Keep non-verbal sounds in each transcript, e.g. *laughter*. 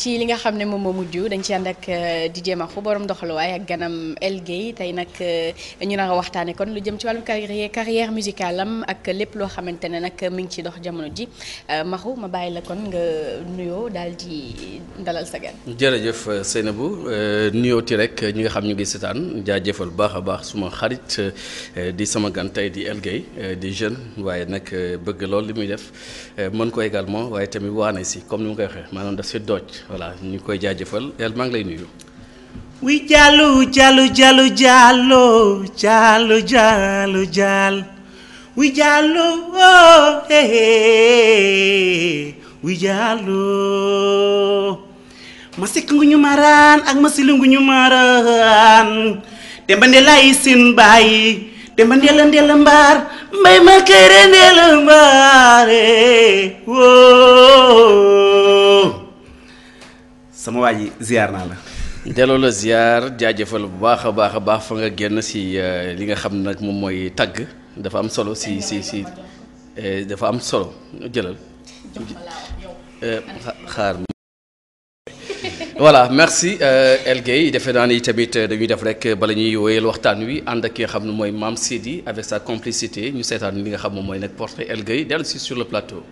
ci li nga xam ne moom moo mujj dañ ci ànd ak euh, DJ Makhou borom doxaluwaay ak ganam El Gueye tey nag euh, ñu nar a waxtaanee kon lu jëm ci wàllum carrière carrière musicale am ak lépp loo xamante ne nag mi ngi ci dox jamono ji euh, maxu ma bàyyi la kon nga nuyoo daal di dalal sa gan. jërëjëf Seynabou nuyooti rek ñi nga xam ñu ngi seetaan jaajëfal baax a baax suma xarit di sama gan tey di El Gueye di jeune waaye nag bëgg lool li muy def mën ko également waaye tamit waane si comme ni ma koy waxee maanaam daf si voilà ñu koy jaajëfal yàlla maa ngi lay nuyu. wi jàllu jàllu jàllu jàllo jàllu jàllu jàll wi jàllu jàllu ma sikk ngu ñu maraan ak ma silu ngu ñu maraan demba ndeelaay seen bàyyi demba ndeela ndeela mbaar mbay ma kayre ndeela mbaare woo sama waa ji ziar naa la. delloo la ziar jaajëfal bu baax a baax a baax fa nga génn si euh, li nga xam nag moom mooy tagg dafa am solo si si si euh, dafa am solo jëlal. Euh, xaar. voilà merci El Gueye defe naa ni tamit dañuy def rek bala ñuy wéyal waxtaan wi ànd ak ki nga xam ne mooy Mame Sidi avec sa complicité ñu seetaan li nga xam moom mooy nag portrait El Gueye dellu si sur le plateau.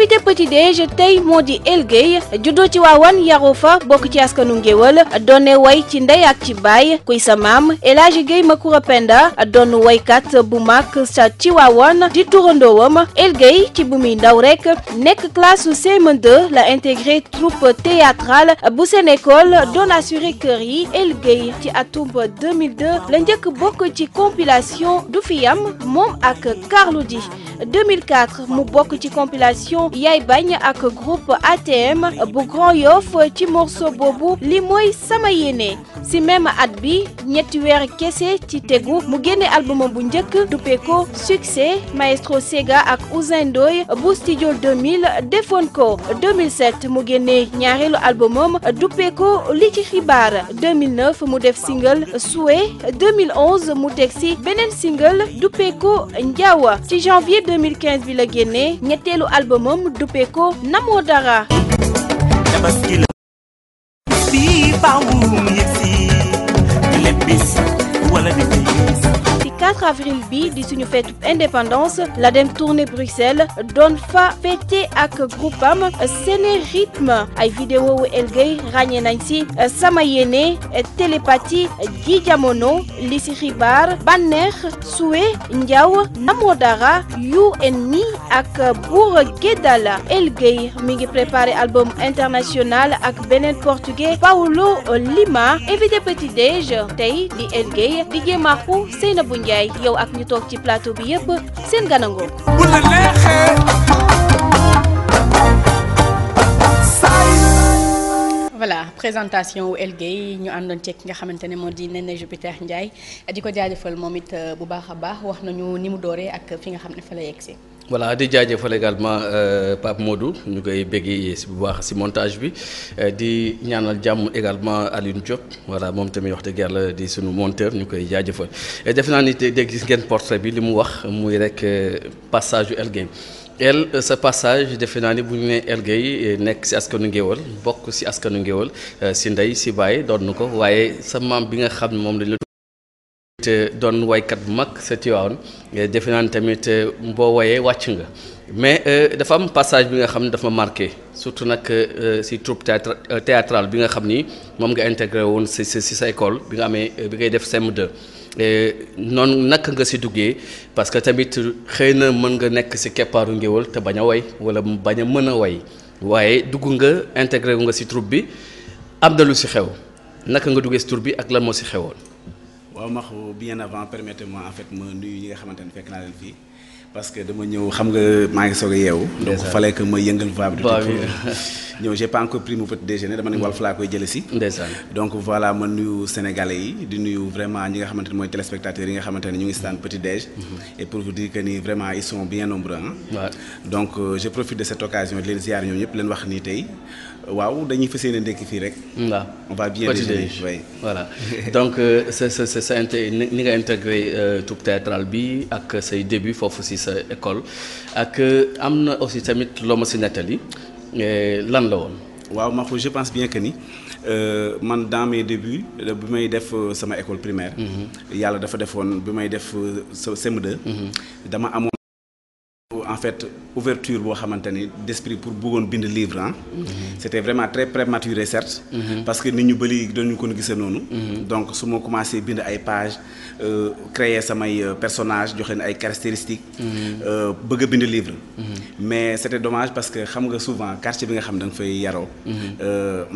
invité de déj tey moo di El Gueye juddoo ci waawan yaroo fa bokk ci askanu ngéwal donné way ci ndey ak ci baay kuy sa maam El Hadji Gueye Macoura Penda doon waykat bu mag sa ci waawan di turandoowam El Gueye ci bu muy ndaw rekk nekk classe CM2 la intégré troupe théâtrale bu seen école doon assuré kër yi El Gueye ci atum 2002 la njëkk bokk ci compilation du fi yam moom ak Carlou D 2004 mu bokk ci compilation yaay bañ ak groupe ATM bu Grand Yoff ci morceau boobu li mooy sama yéene si même at bi ñetti weer kese ci tegu mu génne album bu njëkk duppee ko succès maestro Sega ak Ouzin Ndoye bu studio 2000 defoon ko 2007 mu génne ñaareelu albumam duppee ko li ci xibaar 2009 mu def single souhait 2011 mu teg si beneen single duppee ko njaawa ci janvier 2015 bi la génne ñetteelu albumam doom duppee ko namoo dara tabaski la si faaw mu yëg 4 avril bi di suñu fet indépendance la dem tournée Bruxelles doon fa fêté ak groupe am Rythme ay vidéo wu El Gueye ràññee nañ si euh, sama yéene euh, télépathie euh, ji jamono li si xibaar bànneex suwe njaw namoo dara uni ak buur gédala El Gueye mi ngi préparé album international ak beneen portugais Paulo Lima invité petit déj tey di El Gueye di jéem a Seynabou Ndiaye yow ak ñu toog ci plateau bi yëpp seen ganangoo bu la neexee voilà présentation wu El Gueye ñu àndoon ceeg ki nga xamante ne moo di Néné Jupiter Ndiaye di ko jaajëfal moom it euh, bu baax a baax wax nañu ni mu dooree ak fi nga xam ne fa la yegg si voilà di jaajëfal également euh, Pape Modou ñu koy béggi si bu baax si montage bi euh, di ñaanal jàmm également Alioune Diop voilà moom tamit wax dëgg yàlla di suñu monteur ñu koy jaajëfal defe naa ni dégg gis ngeen portrait bi li mu wax muy rek euh, passage yu El el sa passage defe naa ni bu ñu nee El nekk si askanu Ngéwal bokk si askanu Ngéwal si ndey si baay doon ko waaye sa maam bi nga xam moom dañ te doon waykat bu mag sa Tiwaawan eh, defe naa tamit mboo eh, woyee wàcc nga mais eh, dafa am passage bi nga xam ne dafa marqué surtout nag si troupe théâtre bi nga xam ni moom nga intégré woon si si sa école bi nga amee bi ngay def CM2 noon naka nga si duggee parce que tamit xëy na mën nga nekk si keppaaru ngéwal te bañ a way wala bañ a mën a way waaye dugg nga intégré wu nga si troupe bi am na lu si xew naka nga duggee si troupe bi ak lan moo si xewoon. waaw maxu bien avant permettez-moi en fait ma nuyu ñi nga xamante ne fekk naa leen fii parce que dama ñëw xam nga maa ngi soo a yeewu. donc fallait que ma yëngal voix bi. voix bi *laughs* ñëw j'ai pas encore pris mon petit déjeuner dama ne mm. Walf laa koy jëlee si. donc voilà ma nuyu sénégalais yi di nuyu vraiment ñi nga xamante ne mooy téléspectateurs yi nga xamante ne ñu ngi seetaan petit déj. Mm-hmm. et pour vous dire que ni vraiment ils sont bien nombreux ah. donc euh, je profite de cette occasion di leen ziar ñoom ñëpp leen wax nii tey waaw dañuy fas yéene ndekki fii rek. waaw on va *laughs* donc euh, sa sa ni nga intégré euh, troupe théâtrale bi ak say début foofu si sa école ak euh, am na aussi tamit loo ma si nettali euh, lan la woon. waaw Mahfouz je pense bien que ni euh, man dans mes débuts bi may def sama école primaire. Mhm. yàlla dafa defoon bi may def sa cm mhm. dama amoon fait ouverture boo xamante ni d'esprit pour bëggoon bind livre ah. c'était vraiment très prématuré certes. Mhm. parce que nit ñu bëri dañu ko gisee noonu. Mhm. donc su ma commencé bind ay pages euh, créer samay euh, personnages joxe ay caractéristiques. Euh, bëgg bind livre. mais c'était dommage parce que xam nga souvent quartier bi nga xam da nga fay yaroo.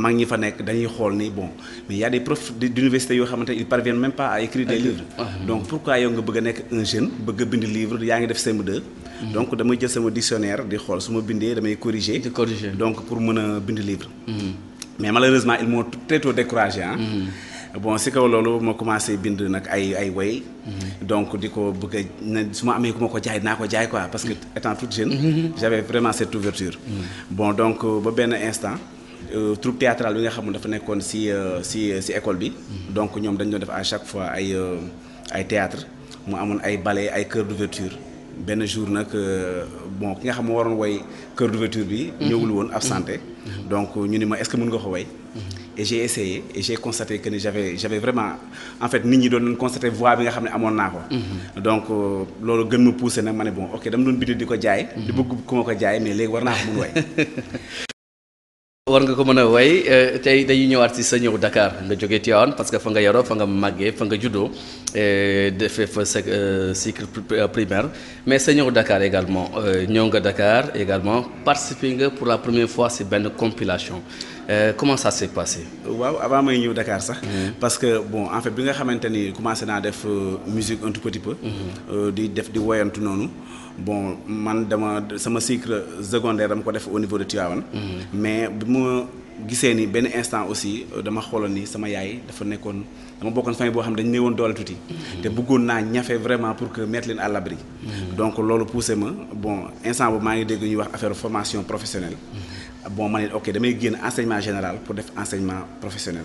mag ñi fa nekk dañuy xool ni bon mais y a des profs d'université yoo xamante ils parviennent même pas à écrire des ah, livres. Ah, ah. donc pourquoi a nekk un jeune bëgg a bind livre damay jël sama dictionnaire di xool su ma bindee damay corriger. di corriger donc pour mën a bind livre. Mhm. mais malheureusement ils m'ont très tôt mhm. ma commencé bind nag ay ay way. Mhm. donc di ko bëgg na su ma amee ku ma ko jaay naa ko jaay quoi parce que étant toute jeune. j'avais vraiment cette ouverture. Euh, benn instant. Euh, troupe théâtrale bi nga xam ne dafa nekkoon si euh, si école bi. donc ñoom dañ doon def à chaque fois ay ay théâtre mu amoon ay ballet ay chœur d'ouverture benn jour nag euh, bon ki nga xam moo waroon way cœur d'ouverture bi. Mhm. ñëwul woon absenté. Mhm. donc ñu ni ma est-ce mën nga ko woy mhm. et j'ai essayé et j'ai constaté ni j'avais j'avais vraiment en fait nit ñi doon constaté voix bi nga xam ne amoon naa ko. donc euh, loolu gën ma poussé nag ma ne bon ok dama doon bind di ko jaay. di bëgg ku ko jaay mais léegi war naa ko mun way *laughs* war nga ko mën a way euh, tey dañuy ñëwaat si sa ñëw Dakar nga jógee Tivaouane parce que fa nga yaroo fa nga màggee fa nga juddoo euh, defee fa sa euh, cycle primaire mais sa ñëw dakaar également ñëw nga dakaar également participer nga pour la première fois si benn compilation. Euh, comment ça s'est passé. waaw avant may ñëw Dakar sax. Mm-hmm. parce que bon en fait bi nga xamante ni commencé naa def euh, musique un tout petit mm-hmm. euh, di def di woyantu noonu. bon man dama sama cycle secondaire dama ko def au niveau de Tivaouane. Mm-hmm. mais bi ma gisee ni benn instant aussi euh, dama xooloon ni sama yaay dafa nekkoon dama bokkoon famille boo xam ne dañu woon doole tuuti. te bëggoon naa ñafe vraiment pour que mettre leen à l'abri. donc loolu poussé ma bon instant boobu maa ngi dégg ñuy wax affaire formation professionnelle. bon ma ne ok damay génn enseignement général pour def enseignement professionnel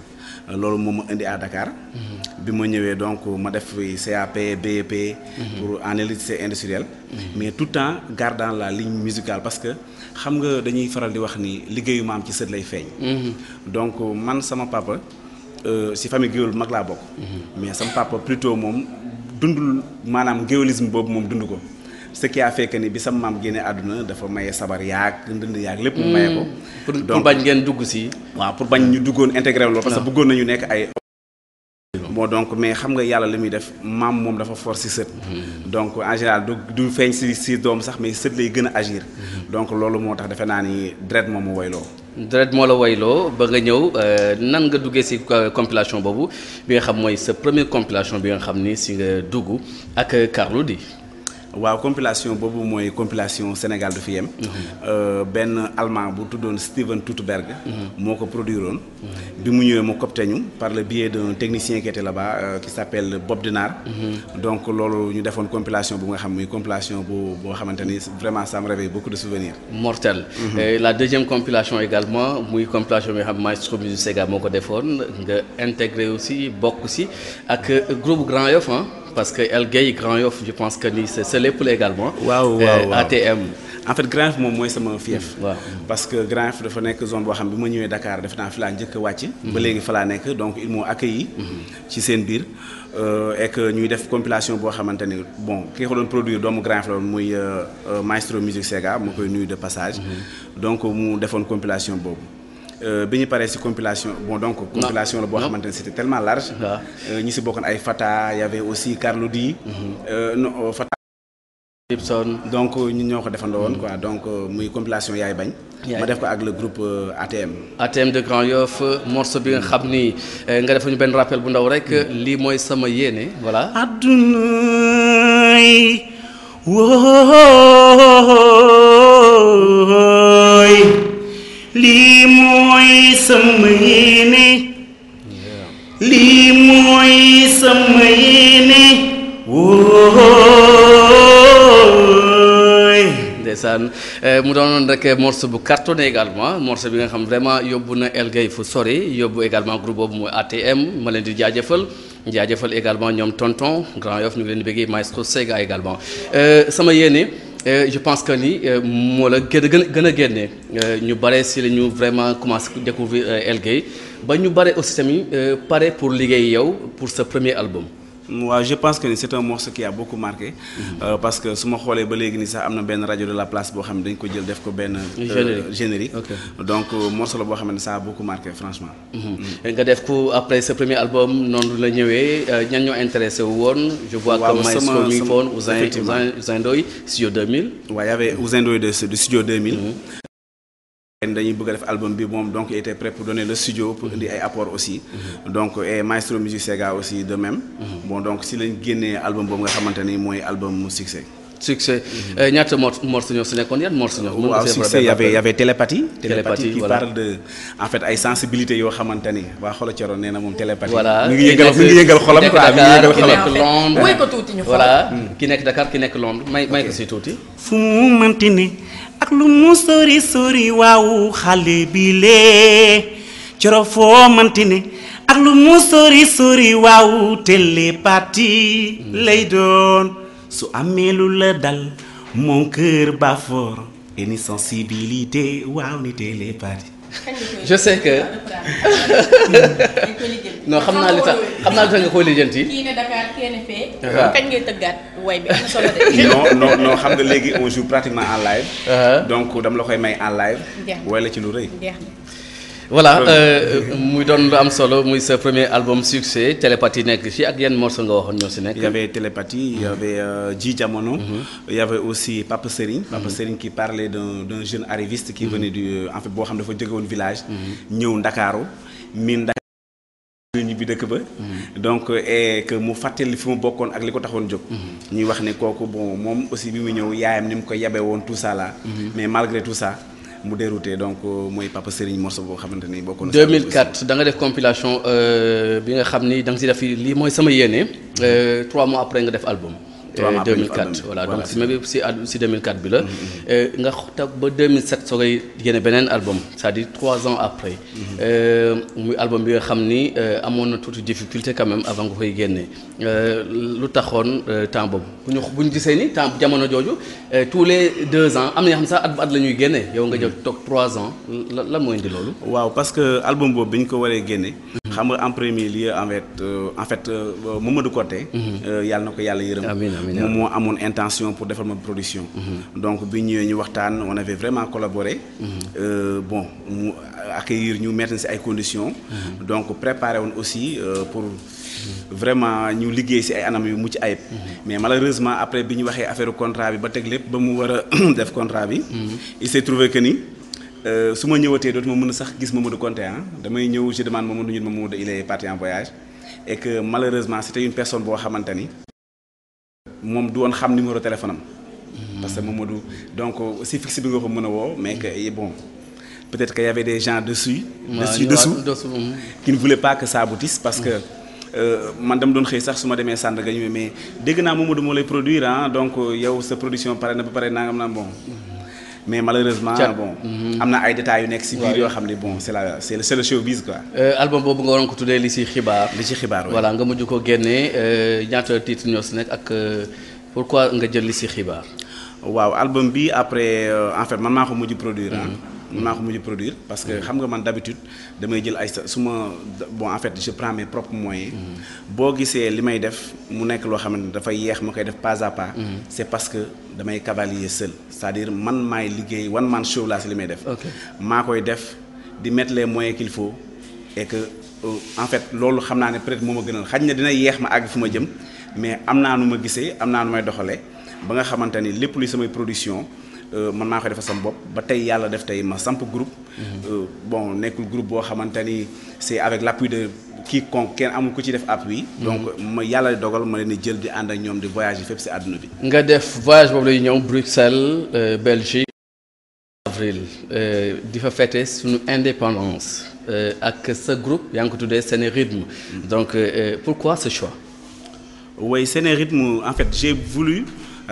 loolu moom ma indi à Dakar. Mhm. bi ma ñëwee donc ma def CAP BEP. Mhm. pour en électricité mhm. mais tout le temps gardant la ligne musicale parce que xam nga dañuy faral di wax ni liggéeyu maam ci sët lay feeñ. donc man sama papa euh, si famille géwél mag laa bokk. mais sama papa plutôt moom dundul maanaam géwélisme boobu moom dund ko. ce qui fekk ni bi sam maam génne àdduna dafa maye sabar yaag ndënd yaag lépp mu hmm. maye ko. donc pour bañ ngeen dugg si. waaw pour bañ ñu duggoon intégré loolu. parce que buggoon nañu nekk ay. moo hmm. donc mais xam nga yàlla li muy def maam moom dafa for si sët. Hmm. donc en général du du feeñ si si doom sax mais sët lay gën a agir. donc loolu moo tax defe naa ni deret moom mu woyloo. deret moo la woyloo ba nga ñëw euh, nan nga duggee si euh, compilation boobu bi nga xam mooy sa première bi nga xam ni ci dugg ak Carlou D. waaw compilation boobu mooy compilation Sénégal du fi yem. Mhm. Euh, benn allemand bu tuddoon Steven Toutberg. Mhm. moo ko produire woon. Mhm. bi mu ñëwee mu copte ñu par le biais d'un technicien qui était là-bas euh, qui s'appelle donc loolu ñu defoon compilation bu nga xam muy compilation bu boo xamante ni vraiment ça me réveille beaucoup de souvenirs. mortel. la deuxième compilation également muy compilation bi nga xam Maestro Musique Sega moo ko defoon nga intégré aussi bokk si ak groupe Grand Yoff ah. parce que El Gueye Grand Yoff je pense que ni c' est lépp la également. waaw waaw euh, ATM. en fait Grand Yoff moom mooy sama fief. Mm-hmm. waaw parce que Grand Yoff dafa nekk zone boo xam bi ma ñëwee Dakar def naa fi laa njëkk a wàcc. Mm-hmm. ba léegi fa laa nekk donc ils m'ont accueilli. Mm-hmm. ci seen biir. Euh, et ñuy def compilation boo xamante ni bon ki nga ko doon produire doomu Grand Yoff la muy euh, maestro musique Sega ma koy nuyu de passage. donc mu defoon compilation boobu. Euh, bi ñu paree si compilation donc. compilation la boo xamante ne c'était tellement large. Ah. Euh, ñi si bokkoon ay Fata y avait aussi Carlou D. Mhm. Euh, donc ñu ñoo ko defandoo woon mhm. quoi donc muy compilation yaay bañ. ma def ko ak le groupe ATM. ATM de Grand Yoff morceau bi nga xam ni mhm. nga defuñu benn rappel bu ndaw rek lii mooy sama yéene voilà. addunay wooy lii. sama yéene lii mooy sama yéene wooy ndeysaan eh, mu doonoon rek morceau bu cartonné également morceau bi nga xam vraiment yóbbu na El Gaye fu sori yóbbu également groupe boobu mooy ATM ma leen di jaajëfal jaajëfal également ñoom tonton Grand Yoff ñu ngi leen di bëggee maestro Sega également eh, sama yéene Euh, je pense que ni euh, moo la gën a gën a génne euh, ñu bare si la ñu vraiment commencé découvrir El Gueye ba ñu bare aussi tamit pare pour liggéey yow pour sa premier album waaw je pense que c'est un morceau qui a beaucoup marqué. Mhm. Euh, parce que su ma xoolee ba léegi nii sax am na benn rajo de la place boo xam ne dañ ko jël def ko benn. Euh, générique donc euh, morceau la boo xam ne ça a beaucoup marqué franchement. Mhm. Mm. nga def ko après ce premier album noonu la ñëwee euh, ñan ñoo intéressé wu woon. je vois comme Maestro mi ngi foon Ousin Ousin Ousin Ndoye studio dañuy bëgg a def album bi moom donc il était prêt pour studio pour indi ay apport aussi mm-hmm. donc et Maestro Musique Sega aussi de même mm-hmm. bon donc si lañ génnee album boobu nga xamante ni mooy album succès succès mhm. euh, ñaata morceau ñoo si nekkoon yan morceau ñoo. waaw succès y avait y avait télépathie. télépathie de en fait ay sensibilité yoo xamante ni waa xolo coro nee na moom télépathie. voilà mi ngi yëngal mi ngi yëngal ki nekk Londres mooy ko tuuti ñu voilà hmm. ki nekk Dakar ki nekk Londres may may ko si tuuti. fu mu mënti ak lu mu sori sori waaw xale bi lee coro foo mënti ne. ak lu mu sori sori waaw télépathie hmm. lay doon. su amee lu la dal mon cœur bat fort et ni sensibilité waaw ni télépathie je sais que *laughs* noo xam naa li tax xam naa li tax nga koy lijjanti. kii ah. kañ ngay tëggaat way bi am na solo de. non xam nga léegi on joue pratiquement en live. Ah. donc dama la koy may en live. way la ci lu rëy. voilà euh, euh, muy doon lu am solo muy sa premier album succès télépathie nekk fii ak yan morceau nga waxoon ñoo si nekk. y avait télépathie y mhm. avait euh, jamono. Mhm. y avait aussi Papa Serigne. Papa mhm. Serigne qui parlait d'un d'un jeune arriviste. qui venait du en boo xam dafa jóge woon village. ñëw Ndakaaru miin ñu bi dëkk ba donc et que mu fàttali fi mu bokkoon ak li ko taxoon jóg ñuy wax ne kooku bon moom aussi bi mu ñëw yaayam ni mu ko yabe woon tout ça là mais malgré tout ça mu dérouté donc euh, mooy Papa Serigne morceau boo xamante ni bokk na. 2004 da nga def compilation euh, bi nga xam ni da nga si def lii mooy sama yéene. 3 mhm. euh, après nga def album. 3 mois après 2004 voilà donc si même si si 2004 bi la. Mhm, mhm. nga toog ba 2007 soo koy génne beneen album c'est-à-dire 3 ans après. muy album bi nga xam ni amoon na tuuti difficulté quand même avant nga koy génne. Euh, lu taxoon euh, temps boobu bu ñu bu ñu gisee ni temps jamono jooju euh, tous les deux ans am na yoo xam sax at bu at la génnee yow nga jël mm. toog trois ans la la mooy indi loolu. waaw parce album boobu bi ñu ko waree génne. Mm-hmm. xam nga en premier lieu en fait en fait Mamadou Koté. Mm-hmm. yàlla na ko yàlla yërëm. amiin amiin moom moo amoon intention pour defal ma production. Mm-hmm. donc bi ñëwee ñu waxtaan on avait vraiment collaboré. bon mu accueillir ñu mettre si ay conditions. donc préparé woon aussi pour. vraiment ñu liggéey si ay anam yu mucc ayib. Mhm. mais malheureusement après bi ñu waxee affaire contrat bi ba teg lépp ba mu war a *clears throat* def contrat bi. Mhm. il s'est trouvé que ni. Euh, su ma ñëwatee dootuma mën a sax gis Mamadou Konté ah damay ñëw je demande Mamadou ñun Mamadou il est parti en voyage et malheureusement c'était une personne boo xamante ni moom du woon xam numéro téléphone am. Mhm. parce que du donc si fixe bi nga ko mën a woo mais que eh, bon peut-être que y avait des gens dessus. dessus dessous qui ne parce que. Euh, man dama doon xëy sax su ma demee Sandaga ñu mais dégg naa Momadou moo lay produire ah donc euh, yow sa production pare na ba pare nangam naa bon. mais malheureusement bon mhm. am na ay détails yu nekk si yoo xam ne bon la c'est le c'est euh, boobu nga ko tuddee li si xibaar. li si xibaar voilà nga mujj ko génnee ñaata titre ñoo si nekk ak pourquoi nga jël li si xibaar. waaw album bi après en fait man maa ko mujj produire ah. Mhm. man maa ko mujj produire parce que xam nga man d'habitude damay jël ay sa su ma bon en fait je prends mes propres moyens. Mm-hmm. boo gisee li may def mu nekk loo xamante ne dafay yeex ma koy def pas à pas. Mm-hmm. c'est parce que damay cavalier seul c'est-à-dire man maay liggéey one man show laa si li may def. maa koy def di mettre les moyens qu'il faut et que euh, en fait loolu xam naa ne peut-être moo ma gënal xaj na dina yeex ma àgg fu ma jëm mais am naa nu ma gisee am naa nu may doxalee ba nga xamante ni lépp luy samay production. Euh, man maa koy defal sama bopp ba tey yàlla def tey ma samp group mhm. euh, bon nekkul groupe boo xamante ni c'est avec l'appui de quiconque kenn amul ku ci def appui. Mhm. donc ma yàlla dogal ma leen di jël di ànd ak ñoom di voyage yi fépp si àdduna bi. nga def voyage boobu lay ñëw Bruxelles euh, Belgique. avril di fa fête suñu indépendance. ak sa groupe yaa ngi seen rythme. Mhm. donc pourquoi ce choix. oui seen rythme en fait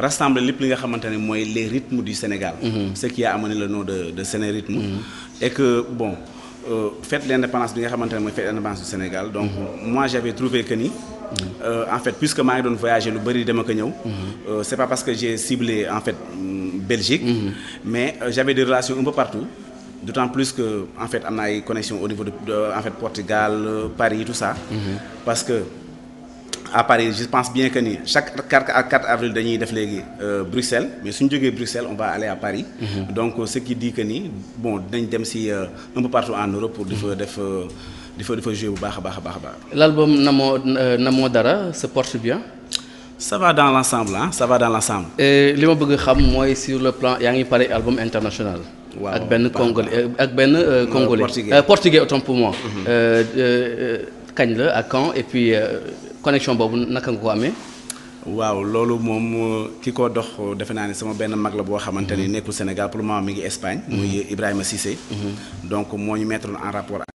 rassembler lépp li nga xamante mooy les rythmes du Sénégal. Mhm. ce qui a amené le nom de de Sénérythme. Mhm. et que bon euh, fête l'indépendance bi nga xamante ne mooy fête l'indépendance du Sénégal. donc mhm. moi j'avais trouvé que ni. Euh, en fait puisque maa ngi doon voyager lu bari dama ko ñëw. Euh, c'est pas parce que j'ai ciblé en fait mm, Belgique. mais euh, j'avais des relations un partout. d'autant plus que en fait am na ay connexions au niveau de, de Portugal Paris tout ça. parce que à Paris je pense bien que ni chaque 4 avril dañuy def léegi euh, Bruxelles mais suñu jógee Bruxelles on va aller à Paris. Mm -hmm. donc euh, ce qui dit que ni bon dem si euh, un peu partout en Europe pour di fa mhm. def di fa def fa jouer bu baax a baax a baax a baax. l'album Namoo moo Dara se porte bien. ça va dans l'ensemble ah ça va dans l'ensemble. li ma bëgg xam mooy sur le plan yaa ngi pare album international. waaw ak benn congolais ak benn congolais. portugais portugais autant pour moi. Mhm. kañ la ak quand et puis euh, connexion boobu naka nga ko amee. waaw loolu moom ki ko dox defe naa ne sama benn mag la boo xamante ni mhm. nekkul Sénégal pour le moment mi ngi Espagne. Mhm. muy Ibrahima Cissé. Mhm. donc moo ñu mettre en rapport ak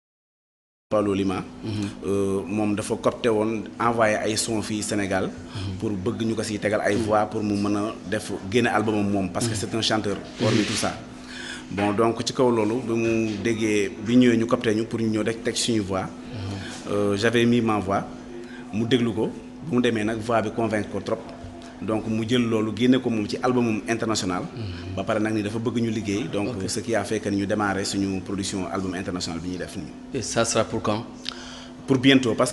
Paulo Lima. Euh, moom dafa copté woon envoyé ay son fii Sénégal. pour bëgg ñu ko siy tegal ay voix pour mu mën a def génne albumam moom. parce que c'est un chanteur. hormis tout ça. bon donc ci kaw loolu bi mu déggee bi ñëwee ñu copté ñu pour ñu ñëw rek teg suñu voix. Euh, j'avais mis ma voix mu déglu ko bu mu demee nag voix bi convaincre ko trop donc mu jël loolu génne ko moom ci albumum international. Mhm. ba pare nag ni dafa bëgg ñu liggéey. donc ce qui a fait ñu démarré suñu production album international bi ñuy def nii. et ça sera pour quand. pour bientôt parce